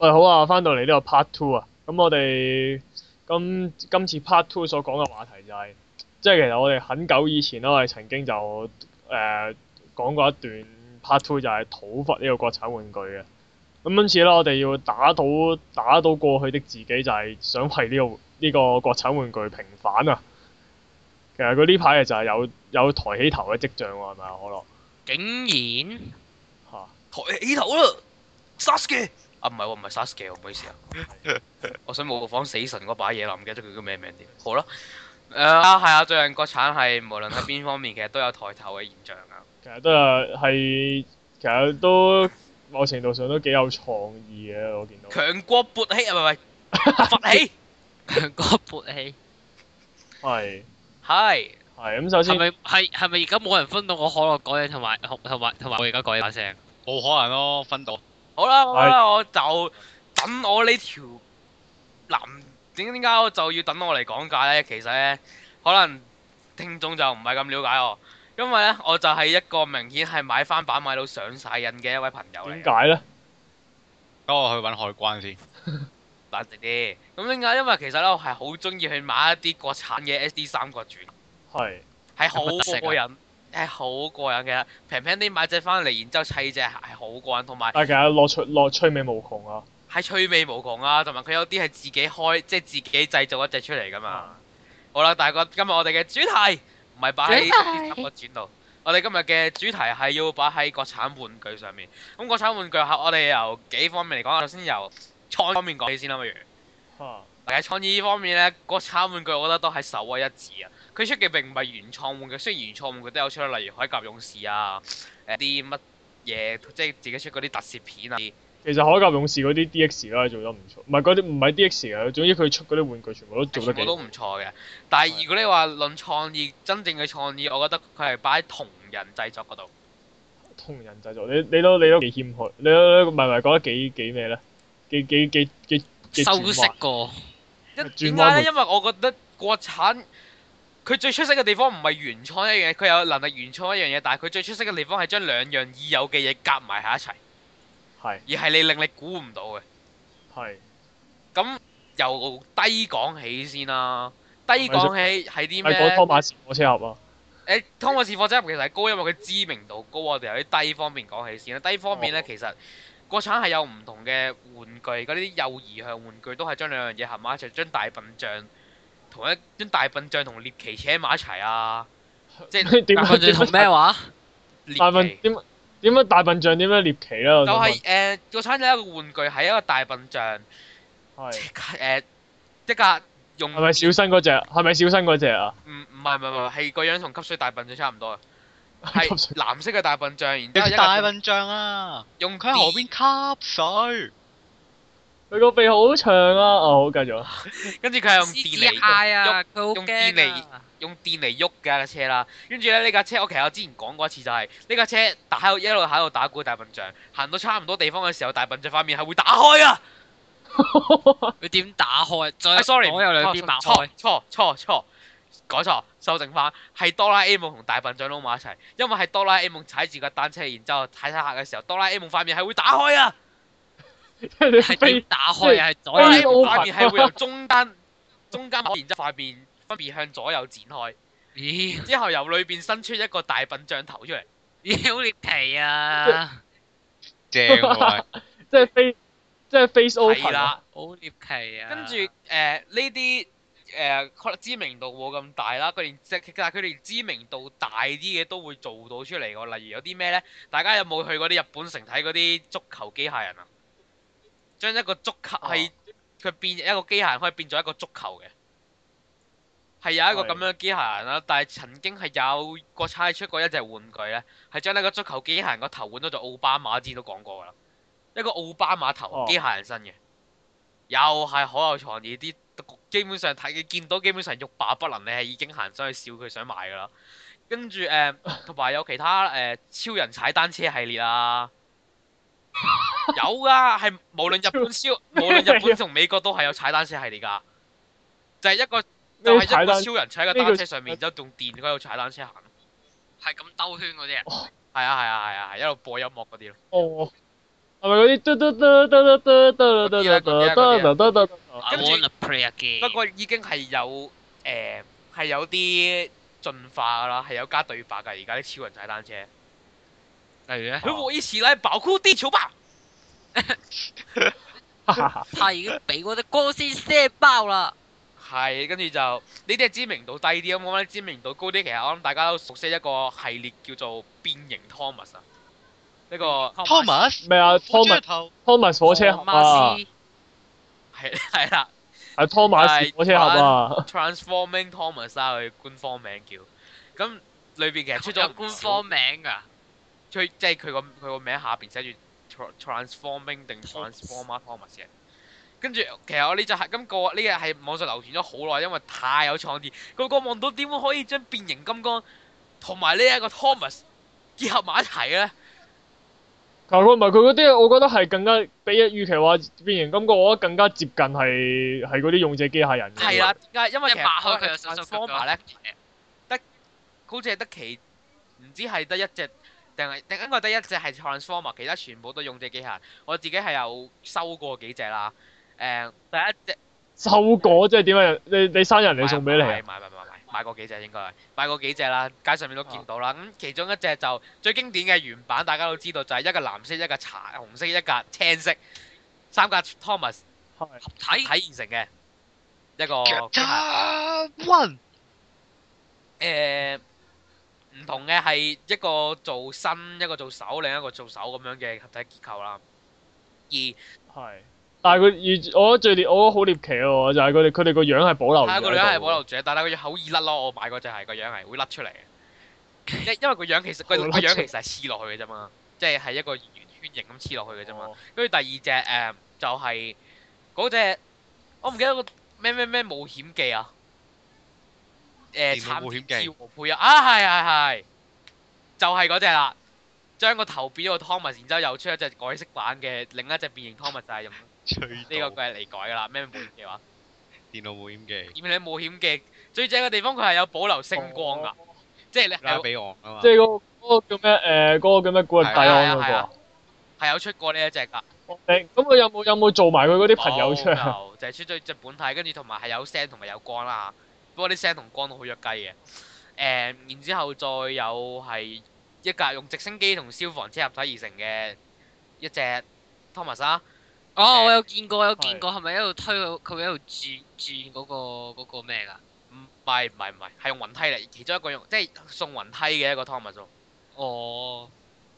喂、嗯，好啊，翻到嚟呢個 part two 啊，咁、嗯、我哋今今次 part two 所講嘅話題就係、是，即係其實我哋很久以前咧，我哋曾經就誒講、呃、過一段 part two 就係討伐呢個國產玩具嘅，咁因此咧，我哋要打倒打倒過去的自己，就係想為呢、這個呢、這個國產玩具平反啊。其實佢呢排就係有有抬起頭嘅跡象喎，係咪啊，可樂？竟然吓、啊、抬起頭啦，殺死佢！啊唔係喎，唔係 SARS 嘅喎，唔好意思啊。我想模仿死神嗰把嘢啦，唔記得佢叫咩名添。好啦，誒啊係啊，最近國產係無論喺邊方面，其實都有抬頭嘅現象啊。其實都有係，其實都某程度上都幾有創意嘅，我見到。強國勃起啊！唔係唔係，勃起，強國勃起。係。係。係咁，首先係咪係係咪而家冇人分到我可樂講嘢，同埋同同埋同埋我而家講嘢把聲？冇可能咯，分到。好啦好啦，我就等我呢條男，點解我就要等我嚟講價咧？其實咧，可能聽眾就唔係咁了解我，因為咧，我就係一個明顯係買翻版買到上晒癮嘅一位朋友嚟。點解咧？等我去搵海關先冷靜啲。咁點解？因為其實咧，我係好中意去買一啲國產嘅 SD 三國傳，係係好過癮。誒，好、哎、過癮嘅，平平啲買隻翻嚟，然之後砌隻係好過癮，同埋，大家樂趣樂趣味無窮啊，係趣味無窮啊，同埋佢有啲係自己開，即、就、係、是、自己製造一隻出嚟噶嘛。啊、好啦，但係今日我哋嘅主題唔係擺，我轉度，我哋今日嘅主題係要擺喺國產玩具上面。咁國產玩具吓，我哋由幾方面嚟講啊，首先由創方面講起先啦，不如。啊喺創意呢方面咧，國產玩具我覺得都係首屈一指啊。佢出嘅並唔係原創玩具，雖然原創玩具都有出，例如《鎧甲勇士》啊，誒啲乜嘢，即係自己出嗰啲特攝片啊。其實《鎧甲勇士》嗰啲 D X 啦，都係做得唔錯，唔係嗰啲唔係 D X 啊。總之佢出嗰啲玩具全部都做得都唔錯嘅。但係如果你話論創意，的真正嘅創意，我覺得佢係擺喺同人製作嗰度。同人製作，你你都你都幾謙虛，你你唔係唔係講得幾幾咩咧？幾幾幾幾修飾過？點解咧？為呢因為我覺得國產佢最出色嘅地方唔係原創一樣嘢，佢有能力原創一樣嘢，但係佢最出色嘅地方係將兩樣已有嘅嘢夾埋喺一齊，係是而係你令你估唔到嘅，係咁是由低講起先啦、啊。低講起係啲咩？拖把火車盒咯、啊。誒、欸，拖把火車盒其實係高，因為佢知名度高。我哋由啲低方面講起先啦、啊。低方面咧，其實～、哦國產係有唔同嘅玩具，而家呢啲幼兒向玩具都係將兩樣嘢合埋一齊，將大笨象同一將大笨象同獵奇扯埋一齊啊！即係點？大笨象做咩話？大笨點點解大笨象點解獵奇啦？就係誒國產嘅一個玩具係一個大笨象，係誒即刻用係咪小新嗰隻？係咪小新嗰隻啊？唔唔係唔係唔係，係個樣同吸水大笨象差唔多啊！係藍色嘅大笨象，然之後一個大笨象啊，用佢喺河邊吸水，佢個鼻好長啊！好，繼續。跟住佢係用電嚟喐，用電嚟用電嚟喐嘅架車啦。跟住咧呢架車，我其實我之前講過一次，就是，就係呢架車喺度一路喺度打鼓大笨象，行到差唔多地方嘅時候，大笨象塊面係會打開啊！佢點 打開？再，哎、sorry，我有兩邊埋，錯錯錯錯。錯改錯，修正翻，係哆啦 A 夢同大笨象撈埋一齊，因為係哆啦 A 夢踩住個單車，然之後踩踩下嘅時候，哆啦 A 夢塊面係會打開啊，係點打開啊？係左右塊面係會由中間，中間然之後塊面分別向左右展開，咦？之後由裏邊伸出一個大笨象頭出嚟，咦，好獵奇啊，正啊，即係 face，即係 face open 啊，好獵奇啊，跟住誒呢啲。誒、呃，知名度冇咁大啦。佢連即，但係佢連知名度大啲嘅都會做到出嚟個。例如有啲咩呢？大家有冇去過啲日本城睇嗰啲足球機械人啊？將一個足球係佢變一個機械人，可以變做一個足球嘅，係有一個咁樣機械人啦。是但係曾經係有個猜出過一隻玩具呢，係將呢個足球機械人個頭換咗做奧巴馬，之前都講過㗎啦，一個奧巴馬頭機械人身嘅。哦。又係好有創意啲，基本上睇嘅見到基本上欲罷不能，你係已經行上去笑佢想買㗎啦。跟住誒，同、呃、埋有其他誒、呃、超人踩單車系列啊。 有㗎、啊，係無論日本超，無論日本同美國都係有踩單車系列㗎，就係、是、一個就係、是、一個超人踩個單車上面，然之後用電嗰度踩單車行，係咁兜圈嗰啲啊，係啊係啊係啊，一路播音樂嗰啲咯。哦是不過已經係有誒，係、呃、有啲進化噶啦，係有加對白噶。而家啲超人踩單車嚟嘅，佢我以前咧保護地球吧，係 已經俾我隻光先射爆啦。係，跟住就呢啲係知名度低啲咁，我、嗯、覺得知名度高啲。其實我諗大家都熟悉一個系列叫做《變形 Thomas》啊。呢個 Thomas 咩啊？Thomas Thomas 火車盒啊，係係啦，係 Thomas 火車盒啊，Transforming Thomas 啊，佢官方名叫咁，裏邊其實出咗官方名噶，出即係佢個佢個名下邊寫住 Transforming 定 Transformer Thomas 嘅，跟住其實我呢就係咁個呢個係網上流傳咗好耐，因為太有創意，個觀眾點樣可以將變形金剛同埋呢一個 Thomas 結合埋一齊咧？佢嗰唔係佢啲，啊、我覺得係更加比預期話變形金剛，我覺得更加接近係係嗰啲勇者機械人。係啊，點解？因為擘開佢嘅手 t 咧、就是、得，好似係得其唔知係得一隻定係點解我得一隻係 Transformer，其他全部都勇者機械人。我自己係有收過幾隻啦，誒、嗯、第一隻收過即係點啊？你你生日你送俾你。買過幾隻應該係，買過幾隻啦，街上面都見到啦。咁、嗯、其中一隻就最經典嘅原版，大家都知道就係一個藍色、一個茶紅色、一個青色，三架 Thomas 合體而成嘅一個。One，誒是，唔、呃、同嘅係一個做身，一個做手，另一個做手咁樣嘅合體結構啦。二係。但係佢，我覺得最我覺得好獵奇咯、哦，就係佢哋，佢哋個樣係保留住。但係佢哋係保留住，但係佢好易甩咯。我買嗰隻係個樣係會甩出嚟。因因為個樣其實個個 樣其實係黐落去嘅啫嘛，即係係一個圓圈形咁黐落去嘅啫嘛。跟住、哦、第二隻誒、呃、就係嗰隻，我唔記得、個咩咩咩冒險記啊，誒，探險記、啊、和配啊，係係係，就係嗰隻啦。將個頭變咗個 Thomas，然之後又出一隻改色版嘅另一隻變形 Thomas 就係呢個佢係嚟改噶啦，咩冒險記？電腦冒險記。電腦冒險記最正嘅地方，佢係有保留星光噶，即係咧。俾我啊嘛。即係個嗰個叫咩？誒，嗰個叫咩？古日蒂安嗰個。係啊係啊，係有出過呢一隻噶。咁佢有冇有冇做埋佢嗰啲朋友出啊？就係出咗隻本體，跟住同埋係有聲同埋有光啦。不過啲聲同光都好弱雞嘅。誒，然之後再有係一架用直升機同消防車合體而成嘅一隻 Thomas 啊。哦，我有見過，有見過，係咪是一路推佢佢一路轉轉嗰、那個嗰、那個咩噶、啊？唔係唔係唔係，係用雲梯嚟，其中一個用即係送雲梯嘅一個 Thomas、哦呃。哦，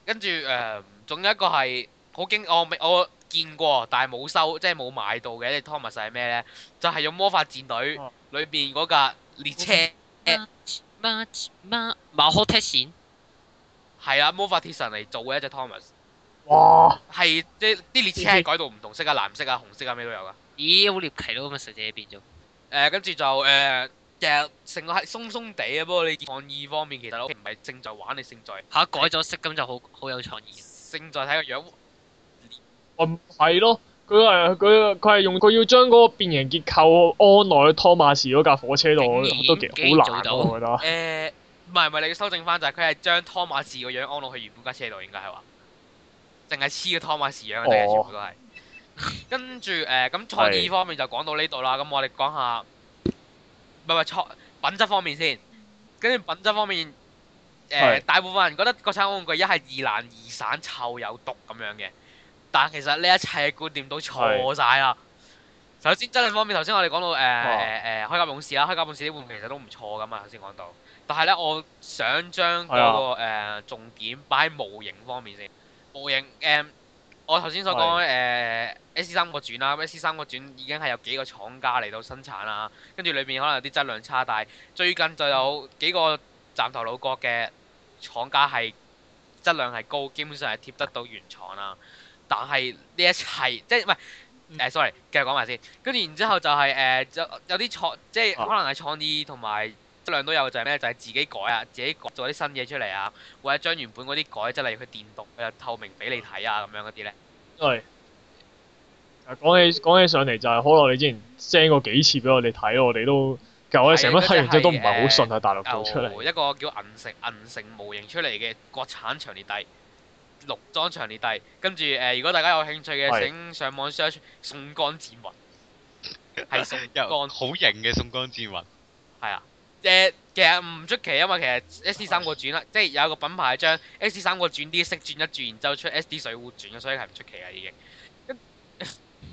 跟住誒，仲有一個係好驚，我未我見過，但係冇收，即係冇買到嘅一隻 Thomas 係咩咧？就係、是、用魔法戰隊裏邊嗰架列車。Much much much。魔啊，魔法鐵神嚟做嘅一隻 Thomas。哇，係即啲列車改到唔同色啊，嗯、藍色啊，紅色啊，咩都有噶。咦，好獵奇都咁嘅設計變咗。誒、呃，跟住就誒，成、呃、個係鬆鬆地啊。不過你創意方面其實我唔係正在玩，你正在吓、啊、改咗色咁就好是好有創意。正在睇個樣。哦、嗯，係咯，佢係佢佢係用佢要將嗰個變形結構安落去托馬士嗰架火車度，都幾好難咯。我覺得，誒、呃，唔係唔係，你要修正翻就係佢係將托馬士個樣安落去原本架車度，應該係話。定係黐個湯啊，匙樣啊，哦、全部都係。跟住誒，咁創意方面就講到呢度啦。咁是的 我哋講下，唔係唔係錯品質方面先。跟住品質方面，誒、呃，是的 大部分人覺得國產玩具一係易爛易散臭有毒咁樣嘅，但其實呢一切觀念都錯晒啦。是的 首先質量方面，頭先我哋講到誒誒，開甲勇士啦，開甲勇士啲玩具其實都唔錯噶嘛，頭先講到。但係咧，我想將嗰、那個誒、呃呃、重點擺喺模型方面先。模型、嗯、我頭先所講咧誒，S 三個轉啦，S 三個轉已經係有幾個廠家嚟到生產啦，跟住裏面可能有啲質量差，但係最近就有幾個站頭老國嘅廠家係質量係高，基本上係貼得到原廠啦。但係呢一係即係唔、呃、係 sorry 繼續講埋先。跟住然之後就係、是、誒、呃，有啲廠即係可能係創意同埋。質量都有嘅就係咩咧？就係自己改啊，自己改做啲新嘢出嚟啊，或者將原本嗰啲改，即係例如佢電鍍又透明俾你睇啊，咁樣嗰啲咧。係。啊，講起講起上嚟就係可樂，你之前 send 過幾次俾我哋睇，我哋都其實我哋成班睇完之後都唔係好信啊，大陸做出嚟。一個叫銀城銀城模型出嚟嘅國產長列帝，綠裝長列帝。跟住誒，如果大家有興趣嘅，請上網 search 宋江戰雲，係宋江好型嘅宋江戰雲。係啊。誒，其實唔出奇，因為其實 S D 三國傳啦，即係有個品牌將 S D 三國傳啲色轉一轉，然之後出 S D 水滸傳，所以係唔出奇啊，已經。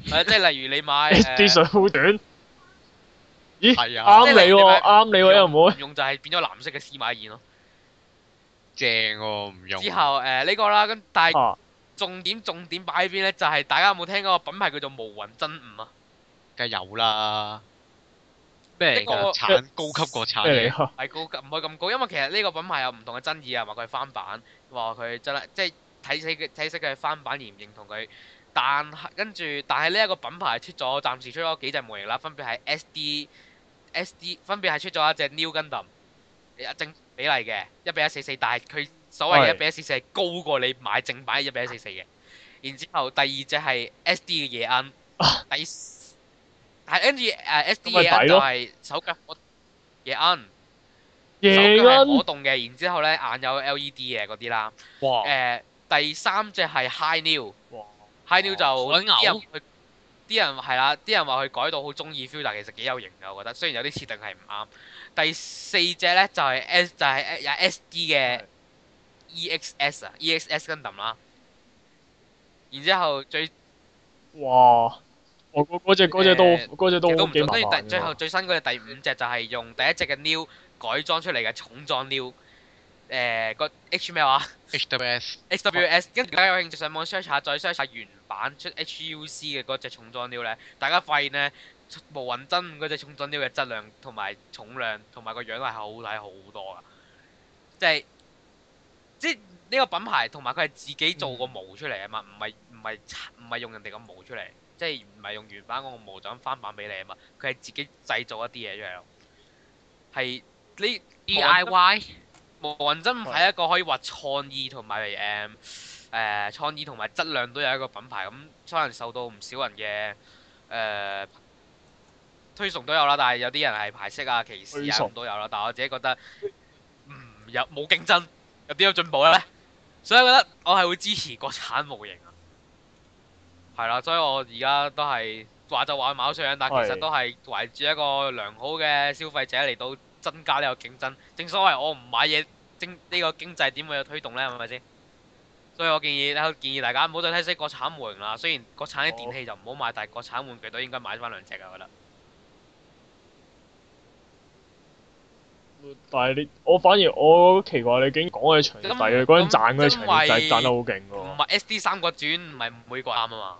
係啊，即係例如你買 S D 水滸傳。咦？啱你喎，啱你喎，有冇？唔用就係變咗藍色嘅司馬懿咯。正喎，唔用。之後誒呢個啦，咁但係重點重點擺喺邊咧，就係大家有冇聽過個品牌叫做無雲真悟啊？梗係有啦。一個產、啊、高級國產嘅，係高級唔可以咁高，因為其實呢個品牌有唔同嘅爭議啊，話佢係翻版，話佢真係即係睇死嘅睇死佢翻版而唔認，認同佢。但係跟住，但係呢一個品牌出咗暫時出咗幾隻模型啦，分別係 S D S D，分別係出咗一隻 New Gundam，正比例嘅一比一四四，1: 1 44，但係佢所謂一比一四四係高過你買正版一比一四四嘅。然之後第二隻係 S D 嘅夜恩底。係跟住誒 SD 就係手腳嘅摁，手腳係可動嘅，然之後咧眼有 LED 嘅嗰啲啦。哇！誒第三隻係 High New，High New 就啲人，啲人係啦，啲人話佢改到好中意 Feel，其實幾有型嘅，我覺得。雖然有啲設定係唔啱。第四隻咧就係 S 就係有 SD 嘅 EXS 啊，EXS 跟林啦。然之後最哇！我嗰嗰隻嗰隻都嗰隻、呃、都幾麻煩。所以第最後最新嗰隻，第五隻就係用第一隻嘅 New 改裝出嚟嘅重裝 New。誒個 H 咩話？HWS。HWS。跟住大家有興趣上網 search 下，再 search 下原版出 HUC 嘅嗰隻重裝 New。咧，大家發現咧無雲真嗰隻重裝 New 嘅質量同埋重量同埋個樣係好睇好多噶、即係。即係即呢個品牌同埋佢係自己做個模出嚟啊嘛，唔係唔係唔係用人哋個模出嚟。即係唔係用原版嗰個模型翻版俾你啊嘛？佢係自己製造一啲嘢樣。係呢 DIY。無無人真係是的 一個可以話創意同埋誒誒創意同埋質量都有一個品牌咁，可、嗯、能受到唔少人嘅誒、呃、推崇都有啦。但係有啲人係排斥啊、歧視啊咁推崇 都有啦。但係我自己覺得唔、嗯、有冇競爭有啲有進步咧。所以我覺得我係會支持國產模型。係啦，所以我而家都係話就話買衰人，但係其實都係懷住一個良好嘅消費者嚟到增加呢個競爭。正所謂我唔買嘢，經呢個經濟點會有推動咧，係咪先？所以我建議咧，建議大家唔好再睇衰國產換啦。雖然國產啲電器就唔好買，但係國產玩具都應該買翻兩隻啊！我覺得。但係你，我反而我好奇怪，你竟然講嗰啲詳細，嗰陣賺嗰啲詳細賺得好勁噶喎。唔係《SD 三國傳》，唔係每個啱啊嘛。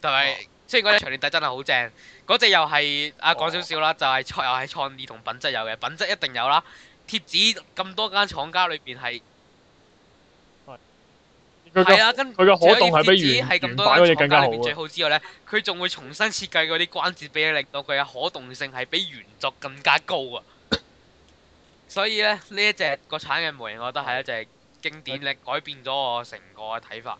但係，即係嗰隻長鏈底真係好正，嗰隻又係啊，講少少啦，就係創又係創意同品質有嘅，品質一定有啦。貼紙咁多間廠家裏邊係，係佢嘅佢嘅可動係比原原版嗰隻更加好。之外呢，佢仲會重新設計嗰啲關節俾你，令到佢嘅可動性係比原作更加高啊！ 所以呢，呢一隻國產嘅模型，我覺得係一隻經典力，力改變咗我成個睇法。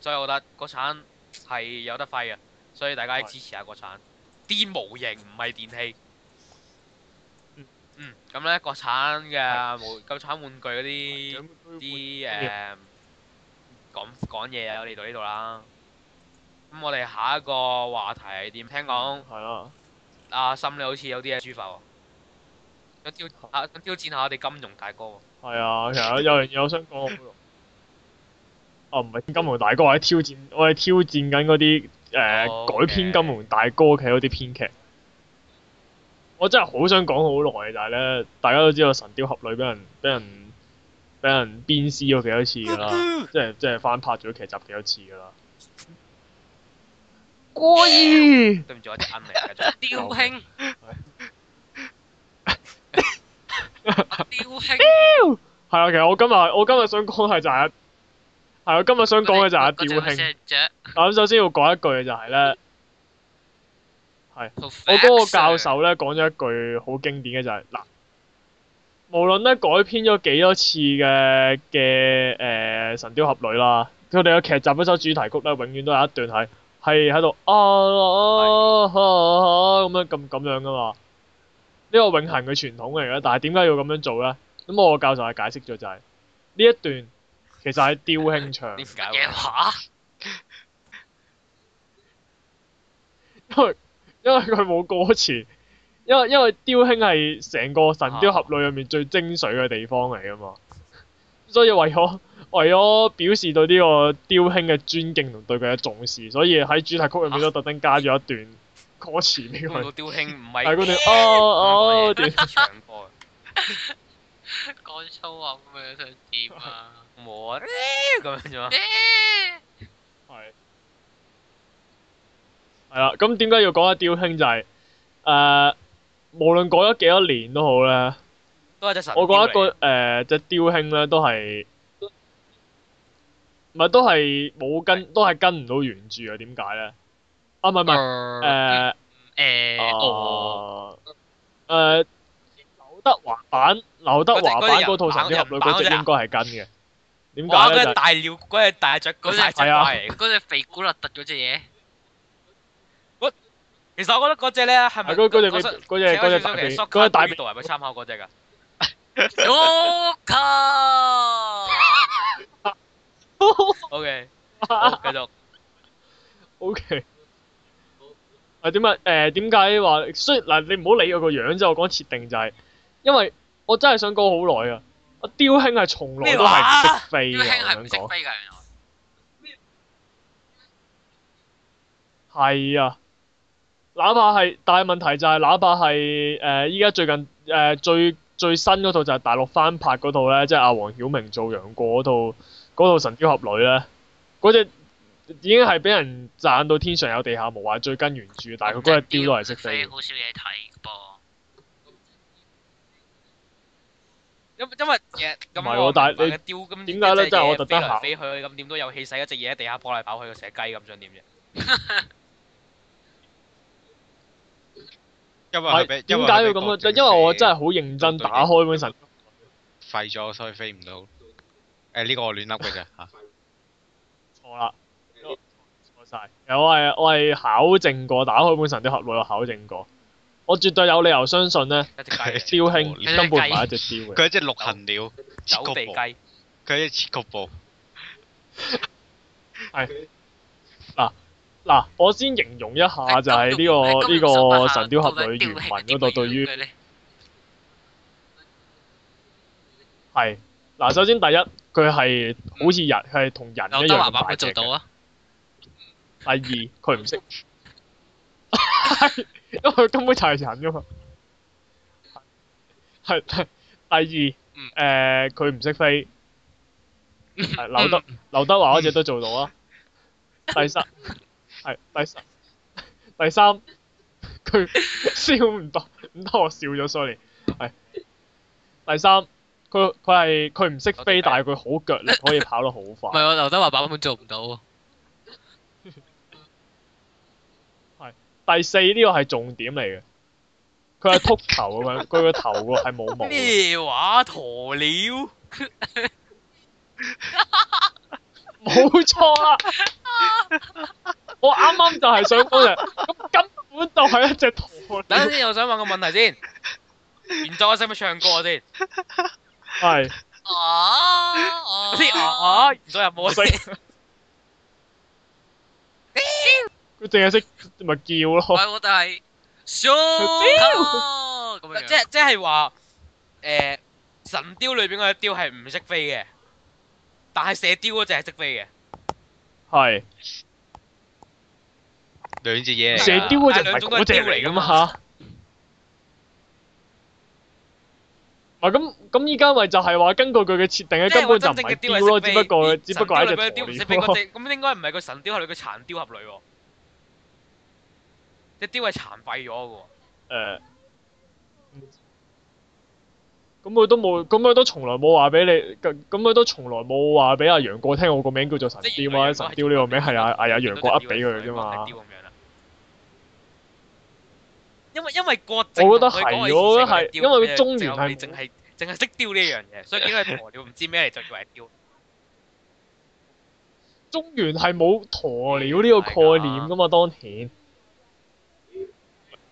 所以我覺得國產。係有得揮啊！所以大家支持下國產。啲的模型唔係電器。嗯。咁咧、嗯，國產嘅的國產玩具嗰啲啲誒講講嘢啊，我嚟到呢度啦。咁我哋下一個話題係點？聽講。係咯。阿心你好似有啲嘢抒發喎。想挑啊！挑戰，下，戰下我哋金融大哥喎。係啊，其實有樣嘢想講。 啊，唔係金庸大哥，我係挑戰，我係挑戰緊嗰啲誒改編金庸大哥嘅嗰啲編劇。我真係好想講好耐，但係咧，大家都知道《神雕俠侶》俾人俾人俾人鞭屍咗幾多次噶啦，即係即係翻拍咗劇集幾多次噶啦。過意對唔住，我一隻鈴，叫做雕兄。雕兄係啊兄， 其實我今日我今日想講係就係、是。係啊，今日想講嘅就係阿雕兄。咁首先要講一句嘅就係咧，係我嗰個教授咧講咗一句好經典嘅就係嗱，無論咧改編咗幾多次嘅嘅誒《神鵰俠侶》啦，佢哋嘅劇集嗰首主題曲咧，永遠都有一段係係喺度啊啊啊咁樣咁咁樣噶嘛。呢個永恆嘅傳統嚟嘅，但係點解要咁樣做咧？咁我個教授係解釋咗就係呢一段。其實係雕兄唱嘅話，因為因為佢冇歌詞，因為因為雕兄係成個《神雕俠侶》入面最精髓嘅地方嚟噶嘛，所以為咗為咗表示對呢個雕兄嘅尊敬同對佢嘅重視，所以喺主題曲入面都特登加咗一段歌詞俾佢。雕兄唔係。係嗰段哦，哦，雕兄搶啊？講粗話咁樣，想點 啊？ 冇啊，咁樣啫嘛，係，係啦。咁點解要講阿雕兄就係，誒，無論講咗幾多年都好咧，都係隻神。我覺得個誒隻雕兄咧都係，唔係都係冇跟，都係跟唔到原著啊？點解咧？啊，唔係唔係，誒誒，哦，誒，劉德華版劉德華版嗰套神鵰俠侶嗰隻應該係跟嘅。點解？嗰隻、那個、大鳥，嗰、那、隻、個、大雀，嗰、那、隻、個、是啊隻，嗰隻肥骨立突嗰隻嘢。其實我覺得嗰隻咧係咪嗰嗰隻嗰隻嗰隻大鼻？嗰隻大鼻度係咪參考嗰隻噶？O.K. OK，繼 續。OK。誒、呃，點解？誒，點解話？雖然嗱，你唔好理我個樣，即我講設定就係、是，因為我真係想講好耐啊。鵰兄係從來都係唔識飛嘅，我係啊，哪怕係，但係問題就係、是、哪怕係，誒、呃，依家最近，誒、呃，最最新嗰套就係大陸翻拍嗰套咧，即係阿黃曉明做楊過嗰套，嗰套神鵰俠侶咧，嗰隻已經係俾人讚到天上有地下無，話最跟原著，但係佢嗰隻鵰都係識飛。因因為嘢咁，唔係喎，但係你點解咧？即係我特登飛去咁，點都有氣勢，一隻嘢喺地下跑嚟跑去，成雞咁，想點啫？因為點解要咁樣？因為我真係好認真打開本神，廢咗所以飛唔到。誒，呢個我亂凹嘅啫吓。錯啦，錯晒。我係我係考證過打開本神啲合路，我考證過。我絕對有理由相信咧，雕兄根本唔係一隻雕嘅，佢一隻陸行鳥，走地雞，佢一隻局部。係，嗱嗱，我先形容一下就係呢個呢個神雕俠侶原文嗰度對於係，嗱，首先第一佢係好似人，係同人一樣反應。啊第二，佢唔識。 因為佢根本就係人啫嘛。係係，第二，誒、呃，佢唔識飛。劉 德劉 德華嗰隻都做到啊。第三係第三，第三，佢笑唔到，唔得我笑咗，sorry。係，第三，佢佢係佢唔識飛，我看 但係佢好腳力， 可以跑得好快。唔係，劉德華版本做唔到。啊。 第四呢個係重點嚟嘅，佢係禿頭咁樣，佢個 頭喎係冇毛。咩話？鴕鳥？冇錯啦， 我啱啱就係想講嘅，咁根本就係一隻鴕鳥。等下先，我想問個問題先，現在我使唔使唱歌先？係是、啊。啊，先啊，元仔有冇先懂？ 佢淨係識咪叫咯，但係雕咁樣，即係即係話誒，神雕裏邊嗰隻雕係唔識飛嘅，但係射雕嗰隻係識飛嘅，係兩隻嘢，射雕嗰隻唔係古雕嚟噶嘛吓？唔係咁咁，依家咪就係話根據佢嘅設定，根本就唔係雕咯，只不過只不過係一隻駝雕咯。咁應該唔係個神雕，係你個殘雕俠侶。一雕係殘廢咗嘅喎。誒、uh, 嗯，咁佢都冇，咁佢都從來冇話俾你，咁佢都從來冇話俾阿楊過聽，我，我個名叫做神雕啊，神雕呢個名係阿係阿楊過噏俾佢嘅嘛。因為因為郭靖我覺得係，我覺得係，因為佢中原係淨係淨係識雕呢樣嘢，所以叫佢鴕鳥，唔知咩嚟就叫阿雕。中原係冇鴕鳥呢個概念噶嘛，當然。 當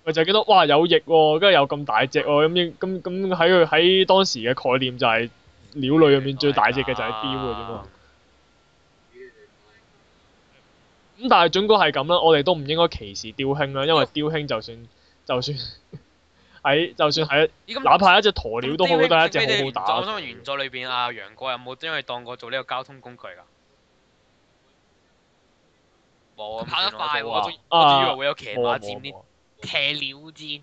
我就係見到哇有翼，跟住有咁大隻，咁應咁咁喺佢喺當時嘅概念就係鳥類入面最大隻嘅就係雕嘅。咁但係總歸係咁啦，我哋都唔應該歧視雕兄啦，因為雕兄就算噗 就算喺就算喺哪怕一隻鴕鳥都好，都係一隻好好打。我想問原作裏邊阿楊過有冇因為當過做呢個交通工具㗎？冇啊！跑得快喎，我以為會有騎馬騎鳥戰，即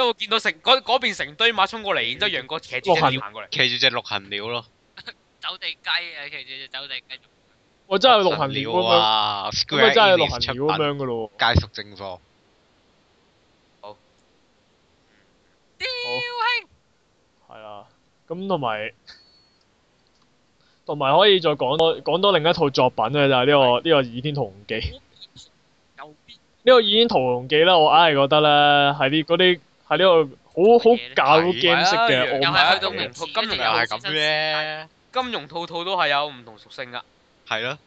係我見到成嗰嗰邊成堆馬衝過嚟，然之後楊過騎住隻行過嚟，騎住隻綠行鳥咯。 走地雞啊，騎住隻走地雞。地我真係綠行鳥啊，嘛，咪真係綠行鳥咁樣噶咯。介熟正貨。好。雕兄好。係 啊，咁同埋，同埋可以再講多講多另一套作品啊，就係呢個呢個《倚天屠龍記》嗯。 呢個《倚天屠龍記》咧，我硬係覺得咧，係啲啲係呢個好好搞 game 式嘅。我唔係。Oh my，又係去到金融又係咁咩？金融套套都係有唔同屬性噶。係啦的。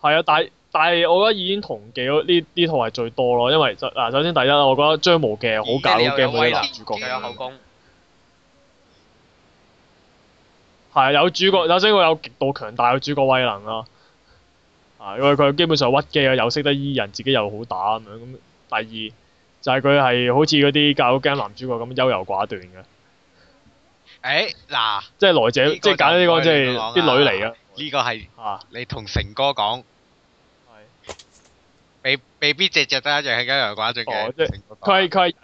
係啊，但係但係，我覺得《倚天屠龍記》呢呢套係最多咯，因為嗱，首先第一我覺得張無忌好搞 game 嗰啲啦，有有主角嘅係、嗯、有主角，嗯、首先我有極度強大嘅主角威能啦。啊，因為佢基本上屈機啊，又識得醫人，自己又好打咁樣。咁第二就係佢係好似嗰啲 galgame 男主角咁優柔寡斷嘅。誒嗱、欸，即係來者，即係揀呢個即係啲女嚟嘅。呢個係你同成哥講，啊是。未未必隻隻得一樣係優柔寡斷嘅。佢係佢係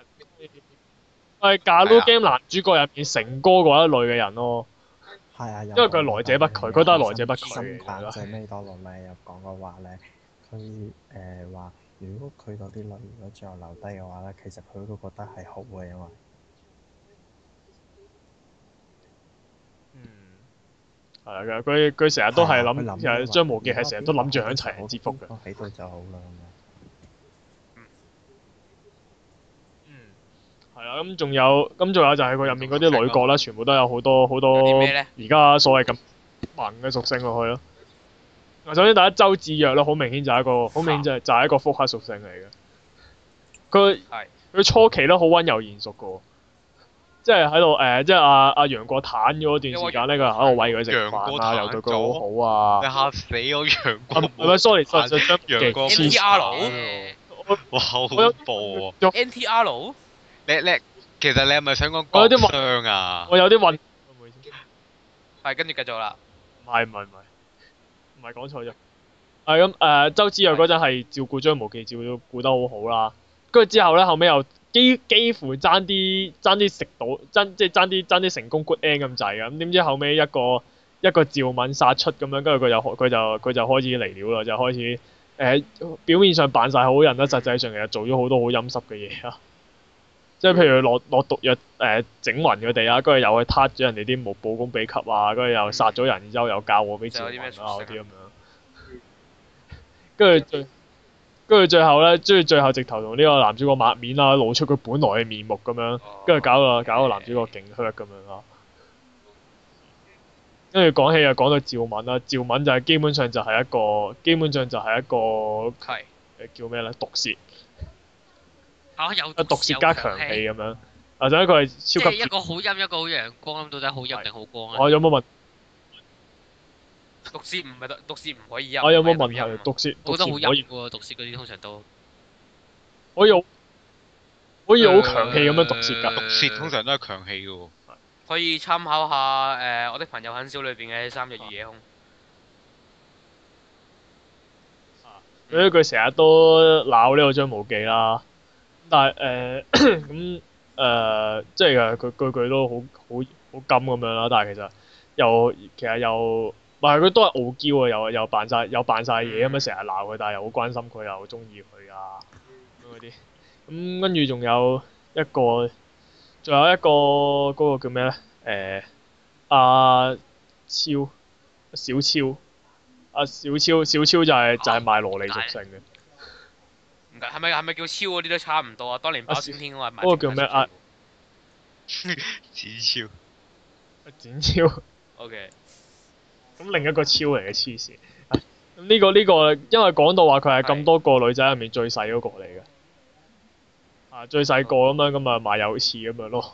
佢係 galgame 男主角入面成哥嗰一類嘅人咯。因為佢來者不拒，佢都係來者不拒。阿呢陀羅咪又講嘅話咧，佢誒話，如果佢嗰啲女如果最後留低嘅話咧，其實佢都覺得係好嘅，因為，嗯，係啊，佢佢成日都係諗，成日張無忌係成日都諗住喺齊人之福嘅。喺度就好係啊，咁仲有，咁仲有就係佢入面嗰啲女角啦，全部都有好多好多而家所謂咁猛嘅屬性落去咯。啊，首先第一周芷若啦，好明顯就係一個好明顯就係就係一個複合屬性嚟嘅。佢佢初期咧好溫柔賢淑㗎，即係喺度誒，即係阿阿楊過攤咗一段時間咧，佢喺度餵佢食飯啊，又對佢好好啊，你嚇死我楊過！係咪所以所以就將楊過先攤？哇！好恐怖喎，NTR 佬。叻叻，其實你係咪想講、啊、有啲暈啊？我有啲暈。係、 啊、跟住繼續啦。唔係唔係唔係，唔係講錯咗。係咁誒，周芷若嗰陣係照顧張無忌，照顧得好好啦。跟住之後咧，後尾又幾幾乎爭啲爭啲食到，爭即係爭啲爭啲成功 good end 咁滯嘅。咁點知後尾一個一個趙敏殺出咁樣，跟住佢就佢就佢就開始嚟了啦，就開始誒、呃、表面上扮晒好人啦，實際上其實做咗好多好陰濕嘅嘢啊。即係譬如落落毒藥誒、呃、整暈佢哋啊，跟住又去撻咗人哋啲武武功秘笈啊，跟住又殺咗人，然之後又教我俾趙敏啊啲咁樣，跟住 最跟住最後咧，即係最後直頭同呢個男主角抹面啦，露出佢本來嘅面目咁樣，跟住、哦、搞到搞到男主角勁 hurt 咁樣咯，跟住講起又講到趙敏啦，趙敏就係、是、基本上就係一個，基本上就係一個誒是、呃、叫咩咧毒舌。有啊，毒舌加強氣咁樣，或者佢係超級一個好陰，一個好陽光，到底好陰定好光啊？我有冇問毒舌唔係毒舌唔可以陰。我有冇問毒舌？我毒得好陰，毒舌嗰啲通常都。我用我用好強氣咁樣毒舌噶，毒舌通常都係強氣嘅。可以參考下誒，我的朋友很少裏邊嘅三日月夜空。佢成日都鬧呢個張無忌啦。但係誒，咁、呃、誒、 嗯呃，即係佢句句都好好好金咁樣啦。但係其實又其實又，唔係佢都係傲嬌啊，又又扮晒，又扮晒嘢咁樣。成日鬧佢，但係又好關心佢，又好中意佢啊咁嗰啲。咁跟住仲有一個，仲有一個嗰、嗰個叫咩咧？誒、呃，阿、啊、超小超阿小超小超就係、是啊、就係賣蘿莉屬性嘅。係咪係咪叫超嗰啲都差唔多啊？當年包青天話，嗰個叫咩啊？展、啊、超，展超 Okay.、啊。O K。咁另一個超嚟嘅黐線。呢、啊這個呢、這個，因為講到話佢係咁多個女仔入面最細嗰個嚟嘅。是啊，最細個咁樣，咁啊賣有翅咁樣咯。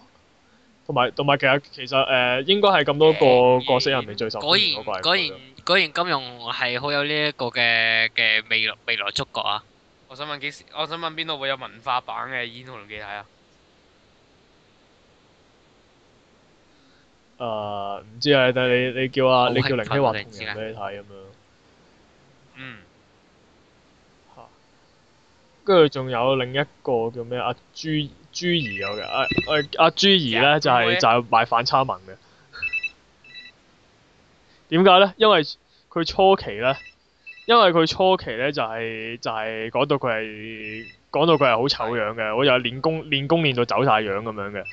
同埋同埋，其實其實誒，應該係咁多個角色入面最受、嗯。果然果然果然，果然金融係好有呢一個嘅嘅未來未來觸覺啊！我想問幾時？我想問邊度會有文化版嘅煙同幾睇啊？誒、呃，唔知啊，但係你你叫啊，你叫林希華同人俾你睇咁、嗯、樣。嗯。跟住仲有另一個叫咩啊？朱朱怡有嘅，誒、啊、誒，阿、啊啊、朱怡咧 就係、是、就係、是、賣反差萌嘅。點解咧？因為佢初期咧。因為佢初期咧就係、是、就係、是、講到佢係講到佢係好醜樣嘅，的我又練功練功練到走晒樣咁樣嘅，誒、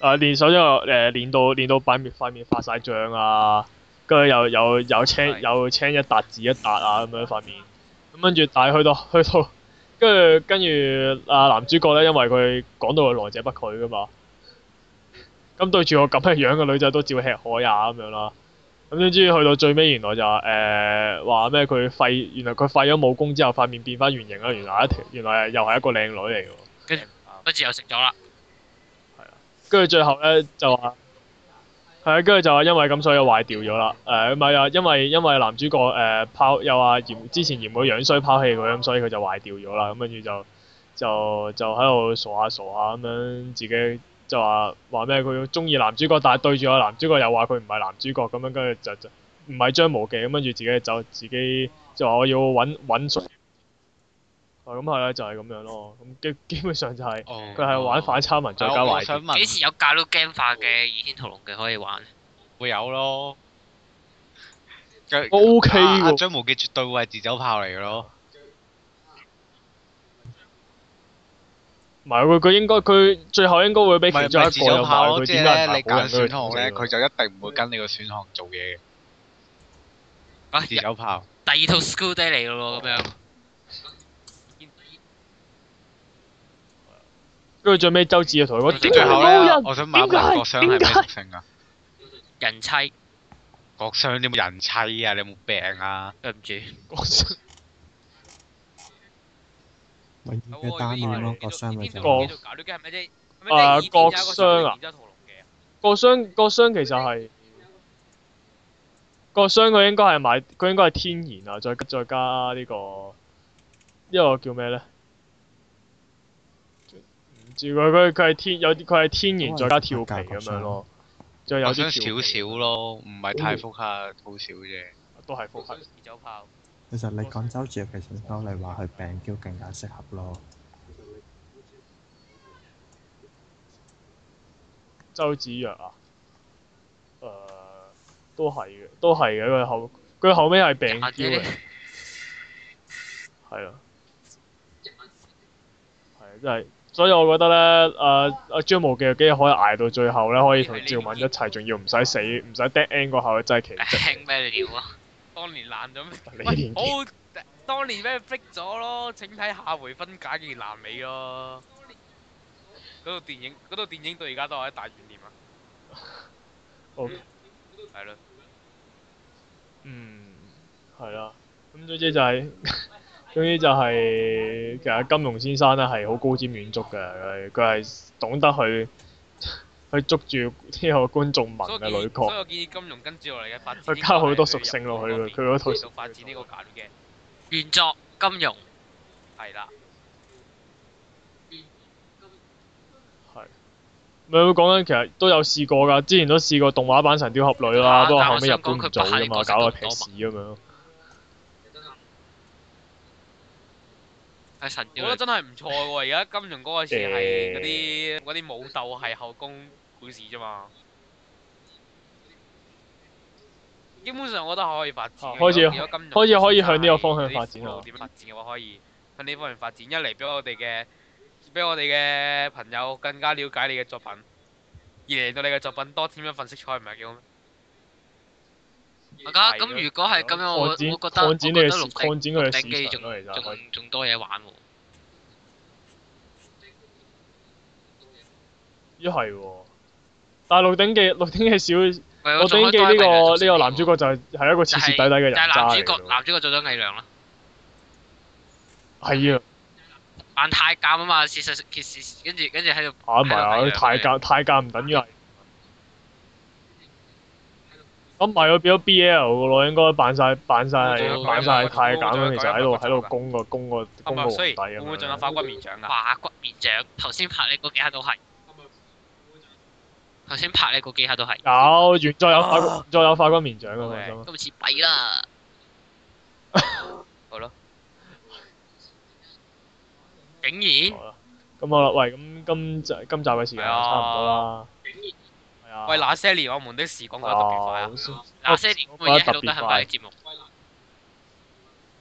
呃、練手之後誒練到練到，到塊面塊面發晒脹啊，跟住又又又青又的青一笪紫一笪啊咁樣塊面，咁跟住但係去到去到跟住跟住啊男主角咧因為佢講到佢來者不拒噶嘛，咁對住我咁嘅樣嘅女仔都照吃海呀、啊、咁樣啦。咁先知去到最尾、呃，原來就話誒話咩？佢廢，原來佢廢咗武功之後，塊面變翻圓形啦！原來一條，原來又係一個靚女嚟喎。跟住、嗯，又食咗啦。係啊。跟住最後咧就話係啊，跟住、嗯、就話因為咁所以壞掉咗啦。誒唔係啊，因為因為，因為男主角誒拋、呃、又話嫌之前嫌佢樣衰拋棄佢咁，所以佢就壞掉咗啦。咁跟住就就就喺度傻下傻下咁樣自己。就話話咩？佢中意男主角，但係對住個男主角又話佢唔係男主角咁樣，跟住就就唔係張無忌咁，跟住自己就自己就話我要揾揾咁係啦，啊、就係咁樣咯。咁基基本上就係佢係玩反差文再加埋。幾、哦、時有搞到 game 化嘅《倚天屠龍記》可以玩？會有咯。O K 喎，張、okay、的無忌絕對會係自走炮嚟嘅咯。唔係喎，佢應該佢最後應該會俾其中一個買佢而家嘅選項咧，佢就一定唔會跟你個選項做嘢嘅。啊！自走炮。第二套 School Day 嚟咯喎，咁樣。跟住最尾周志同最後我想問，下郭襄係咩屬性啊？人妻。郭襄你冇人妻啊？你有冇病啊？對唔住。郭搵啲單賣咯，國商咪就。國商啊，國商國商其實係國商佢應該係買，佢應該係天然啊，再再加呢個呢個叫咩咧？唔知佢佢佢係天有啲佢係天然是再加跳皮咁樣咯，就有啲少少咯，唔係太複合好少啫。都係複合。其實你講周芷若，其實當你話佢病嬌更加適合咯。周芷若啊？誒、呃，都係嘅，都係嘅。佢後佢後尾係病嬌嘅。係咯。係啊，即、啊、係，所以我覺得咧，誒阿張無忌幾可以捱到最後咧，可以同趙敏一齊，仲要唔使死，唔使 dead end 嗰下，真係奇蹟。當年爛咗咩？我當年俾佢逼咗咯，請睇下回分解件爛尾咯。嗰套電影，嗰套電影到而家都係一大懸念啊。好係咯，嗯，係啊。咁總之就係，總之就係其實金庸先生咧係好高瞻遠矚嘅，佢佢係懂得去。去捉住呢個觀眾羣嘅女角，所以我見啲金融跟住落嚟嘅發展，佢加好多屬性落去佢，佢嗰套發展呢個架嘅原作金融，係啦，係，咪會講緊其實都有試過㗎，之前都試過動畫版神雕俠侶啦，不過後尾入觀唔咁啊嘛，搞個騎士咁樣，係神鵰，我覺得真係唔錯喎，而家金融嗰陣時係嗰啲嗰啲武鬥係後宮。好事啫嘛，基本上我覺得可以發展。開始，開始可以向呢個方向發展咯。點發展嘅話，可以向呢方面發展。一嚟俾我哋嘅，俾我哋嘅朋友更加了解你嘅作品，二嚟到你嘅作品多添一份色彩，唔係幾好咩？啊，咁如果係咁樣，我我覺得，我覺得，擴展佢嘅市場咯，其實仲仲多嘢玩喎。一係喎。但係《鹿鼎記》，《鹿鼎記》少《鹿鼎記》呢個呢個男主角就係係一個徹徹底底嘅人，男主角男主角做咗偽娘啦。係啊。扮太監啊嘛，事實其實跟住跟住喺度。啊唔係啊，太監太監唔等於係。咁賣咗變咗 BL 個咯，應該扮晒，扮晒，扮晒太監其實喺度喺度攻個攻個攻個皇帝啊。會唔會仲有化骨綿掌㗎？化骨綿掌，頭先拍呢嗰幾下都係。頭先拍你個幾下都係有，再有再有化骨綿掌啊！今次弊啦，好咯，竟然咁好啦，喂，咁今集今集嘅時間差唔多啦，竟然，喂，那些年我們的時光過得特別快啊，那些年我哋喺度都係拍嘅節目。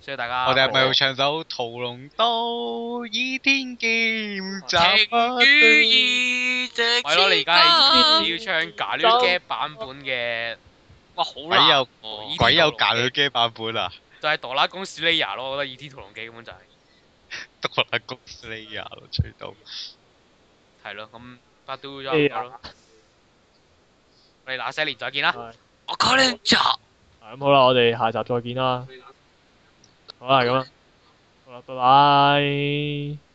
所以大家。我哋係咪要唱首《屠龍刀》《倚天劍》？晴雨意，直天。係咯，你而家係要唱假啲 game 版本嘅。哇，好難。鬼有鬼有假啲 game 版本啊！就係哆啦公司 layer 咯，我覺得《倚天屠龍記》根本就係。哆啦公司 layer 咯，最多。係咯，咁不都要有咯。我哋那些年再見啦。我 call 你 john。咁好啦，我哋下集再見啦。好啦，咁啦，好啦，拜拜。